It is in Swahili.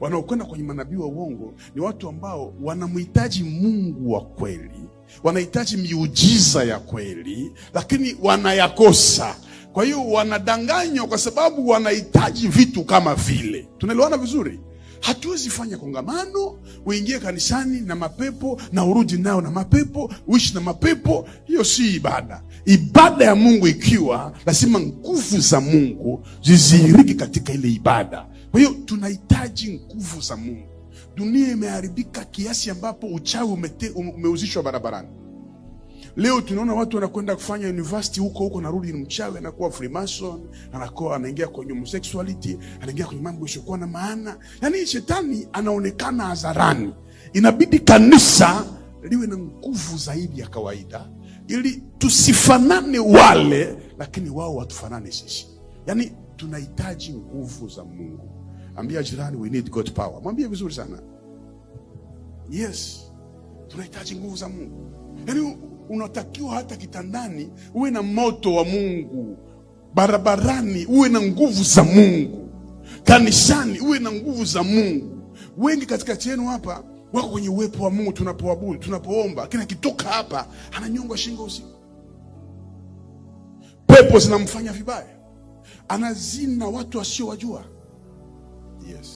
Wanaokwenda kwenye manabii wa uongo ni watu ambao wanamhitaji Mungu wa kweli, wanahitaji miujiza ya kweli, lakini wanayakosa. Kwa hiyo wanadanganywa, kwa sababu wanahitaji vitu kama vile. Tunaelewana vizuri? Hatuwezi fanya kongamano, uingie kanisani na mapepo na urudi nao na mapepo, uishi na mapepo. Hiyo si ibada. Ibada ya Mungu ikiwa lazima nguvu za Mungu zizihiriki katika ile ibada. Kwa hiyo tunahitaji nguvu za Mungu. Dunia imeharibika kiasi ambapo uchawi umete, umeuzishwa barabarani. Leo tunaona watu wanakwenda kufanya university huko huko, narudi ni mchawi, anakuwa freemason, anakuwa anaingia kwenye homosexuality, anaingia kwenye mambo isiyokuwa na maana. Yaani shetani anaonekana hadharani. Inabidi kanisa liwe na nguvu zaidi ya kawaida ili tusifanane wale, lakini wao watufanane sisi. Yaani tunahitaji nguvu za Mungu. Ambia jirani, we need God power. Mwambie vizuri sana. Yes, tunahitaji nguvu za Mungu. Yaani unatakiwa hata kitandani uwe na moto wa Mungu, barabarani uwe na nguvu za Mungu, kanisani uwe na nguvu za Mungu. Wengi katikati yenu hapa wako kwenye uwepo wa Mungu tunapoabudu, tunapoomba, lakini kitoka hapa ananyongwa shingo usiku, pepo zinamfanya vibaya, anazina watu wasiowajua Yes.